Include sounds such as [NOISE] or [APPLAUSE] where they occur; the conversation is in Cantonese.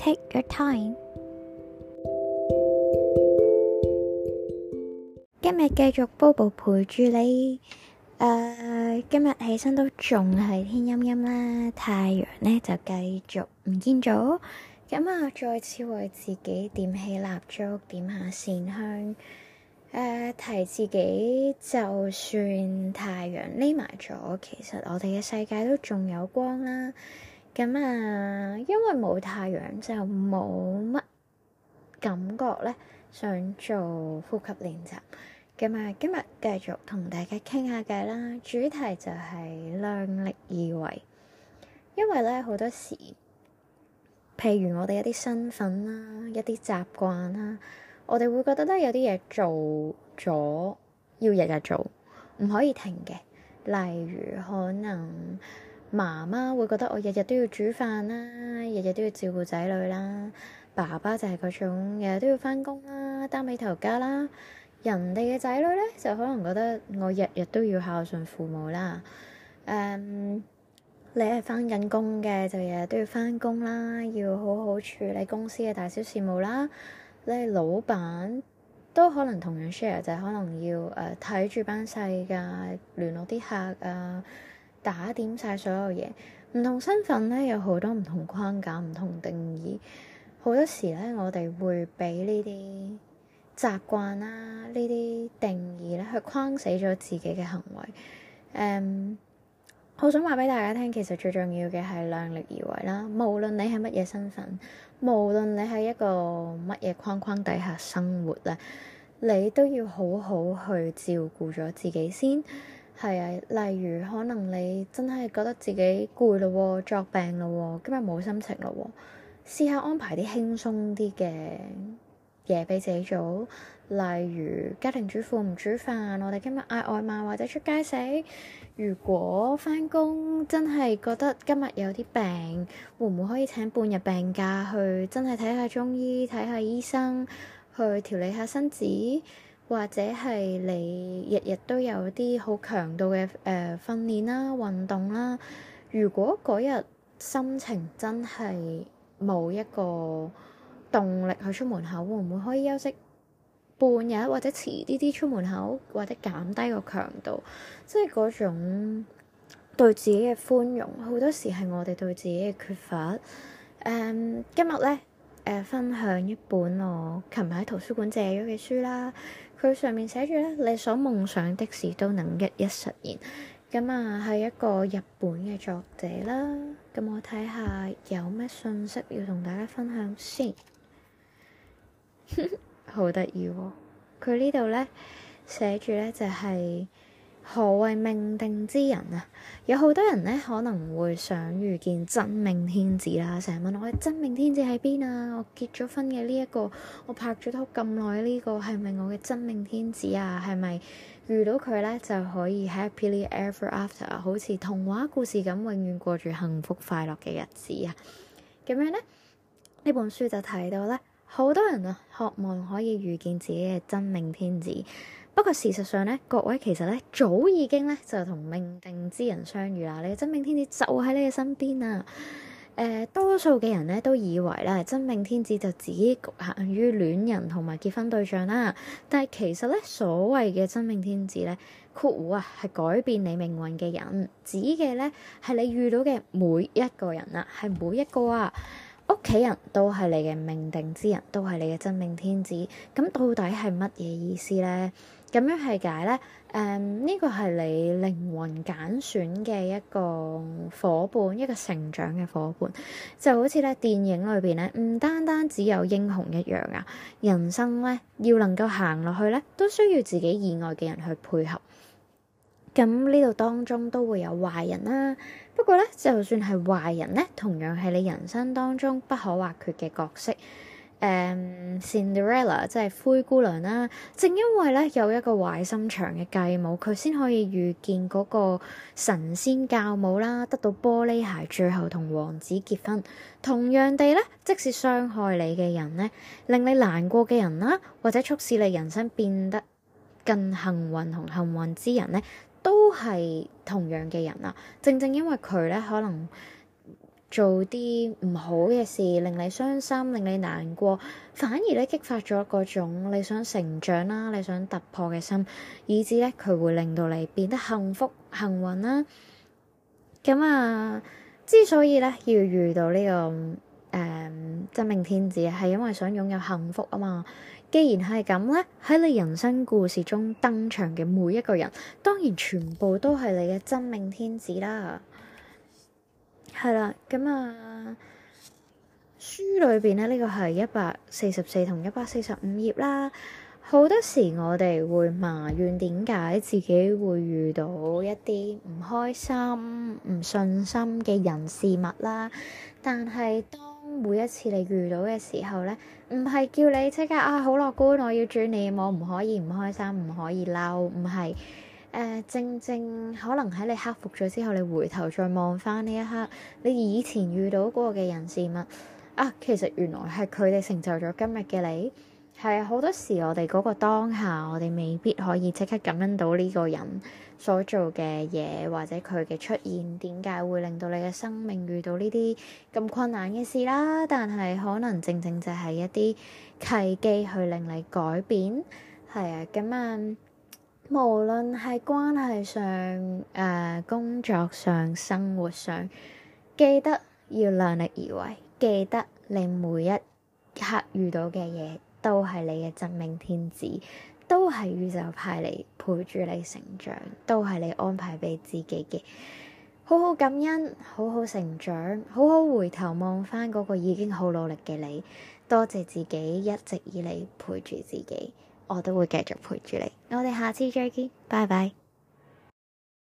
Take your time。今日繼續 Bobo 陪住你。誒、uh，今日起身都仲係天陰陰啦，太陽呢就繼續唔見咗。咁啊，再次為自己點起蠟燭，點下線香。Uh，提自己，就算太陽匿埋咗，其實我哋嘅世界都仲有光啦。咁啊，因為冇太陽就冇乜感覺咧，想做呼吸練習。咁啊，今日繼續同大家傾下偈啦，主題就係量力而為。因為咧好多時，譬如我哋一啲身份啦、一啲習慣啦，我哋會覺得咧有啲嘢做咗要日日做，唔可以停嘅。例如可能。媽媽會覺得我日日都要煮飯啦，日日都要照顧仔女啦。爸爸就係嗰種日日都要翻工啦，擔起頭家啦。人哋嘅仔女呢，就可能覺得我日日都要孝順父母啦。誒、嗯，你係翻緊工嘅就日日都要翻工啦，要好好處理公司嘅大小事務啦。你係老闆都可能同樣 share，就係、是、可能要誒睇住班細㗎、啊，聯絡啲客啊。打點晒所有嘢，唔同身份咧有好多唔同框架、唔同定義，好多時咧我哋會俾呢啲習慣啦、啊、呢啲定義咧去框死咗自己嘅行為。誒、嗯，好想話俾大家聽，其實最重要嘅係量力而為啦。無論你係乜嘢身份，無論你喺一個乜嘢框框底下生活咧，你都要好好去照顧咗自己先。係啊，例如可能你真係覺得自己攰咯，作病咯，今日冇心情咯，試下安排啲輕鬆啲嘅嘢俾自己做。例如家庭主婦唔煮飯，我哋今日嗌外賣或者出街食。如果翻工真係覺得今日有啲病，會唔會可以請半日病假去真係睇下中醫、睇下醫生，去調理下身子？或者係你日日都有啲好強度嘅誒、呃、訓練啦、運動啦。如果嗰日心情真係冇一個動力去出門口，會唔會可以休息半日，或者遲啲啲出門口，或者減低個強度？即係嗰種對自己嘅寬容，好多時係我哋對自己嘅缺乏。誒、嗯，今日咧，誒分享一本我琴日喺圖書館借咗嘅書啦。佢上面寫住咧，你所夢想的事都能一一實現，咁啊係一個日本嘅作者啦。咁我睇下有咩信息要同大家分享先， [LAUGHS] 好得意喎！佢呢度咧寫住咧就係、是。何謂命定之人啊？有好多人咧，可能會想遇見真命天子啦，成日問我：真命天子喺邊啊？我結咗婚嘅呢一個，我拍咗拖咁耐呢個，係咪我嘅真命天子啊？係咪遇到佢咧就可以 happily ever after，好似童話故事咁，永遠過住幸福快樂嘅日子啊？咁樣咧，呢本書就提到咧，好多人啊，渴望可以遇見自己嘅真命天子。不過事實上咧，各位其實咧早已經咧就同命定之人相遇啦。你嘅真命天子就喺你嘅身邊啦。誒、呃，多數嘅人咧都以為咧真命天子就只局限於戀人同埋結婚對象啦。但係其實咧所謂嘅真命天子咧括弧啊係改變你命運嘅人，指嘅咧係你遇到嘅每一個人啦，係每一個啊。屋企人都係你嘅命定之人，都係你嘅真命天子。咁到底係乜嘢意思咧？咁樣係解咧？誒、嗯、呢、這個係你靈魂揀選嘅一個伙伴，一個成長嘅伙伴，就好似咧電影裏邊咧，唔單單只有英雄一樣啊！人生咧要能夠行落去咧，都需要自己以外嘅人去配合。咁呢度當中都會有壞人啦、啊，不過咧，就算係壞人咧，同樣係你人生當中不可或缺嘅角色。誒、um，Cinderella 即係灰姑娘啦、啊，正因為咧有一個壞心腸嘅繼母，佢先可以遇見嗰個神仙教母啦、啊，得到玻璃鞋，最後同王子結婚。同樣地咧，即使傷害你嘅人咧，令你難過嘅人啦、啊，或者促使你人生變得更幸運同幸運之人咧。都係同樣嘅人啦，正正因為佢咧，可能做啲唔好嘅事，令你傷心，令你難過，反而咧激發咗嗰種你想成長啦，你想突破嘅心，以至咧佢會令到你變得幸福幸運啦。咁啊，之所以咧要遇到呢、這個誒、嗯、真命天子，係因為想擁有幸福啊嘛。既然係咁咧，喺你人生故事中登場嘅每一個人，當然全部都係你嘅真命天子啦。係啦，咁啊，書裏邊咧呢、這個係一百四十四同一百四十五頁啦。好多時我哋會埋怨點解自己會遇到一啲唔開心、唔信心嘅人事物啦，但係當每一次你遇到嘅時候咧，唔係叫你即刻啊好樂觀，我要轉你，我唔可以唔開心，唔可以嬲，唔係誒，正正可能喺你克服咗之後，你回頭再望返呢一刻，你以前遇到過嘅人事物啊，其實原來係佢哋成就咗今日嘅你。係啊，好多時，我哋嗰個當下，我哋未必可以即刻感恩到呢個人所做嘅嘢，或者佢嘅出現點解會令到你嘅生命遇到呢啲咁困難嘅事啦。但係可能正正就係一啲契機，去令你改變。係啊，咁啊，無論係關係上、誒、呃、工作上、生活上，記得要量力而為，記得你每一刻遇到嘅嘢，都係你嘅真命天子，都係宇宙派嚟陪住你成長，都係你安排俾自己嘅。好好感恩，好好成長，好好回頭望翻嗰個已經好努力嘅你，多謝自己一直以嚟陪住自己，我都會繼續陪住你。我哋下次再見，拜拜。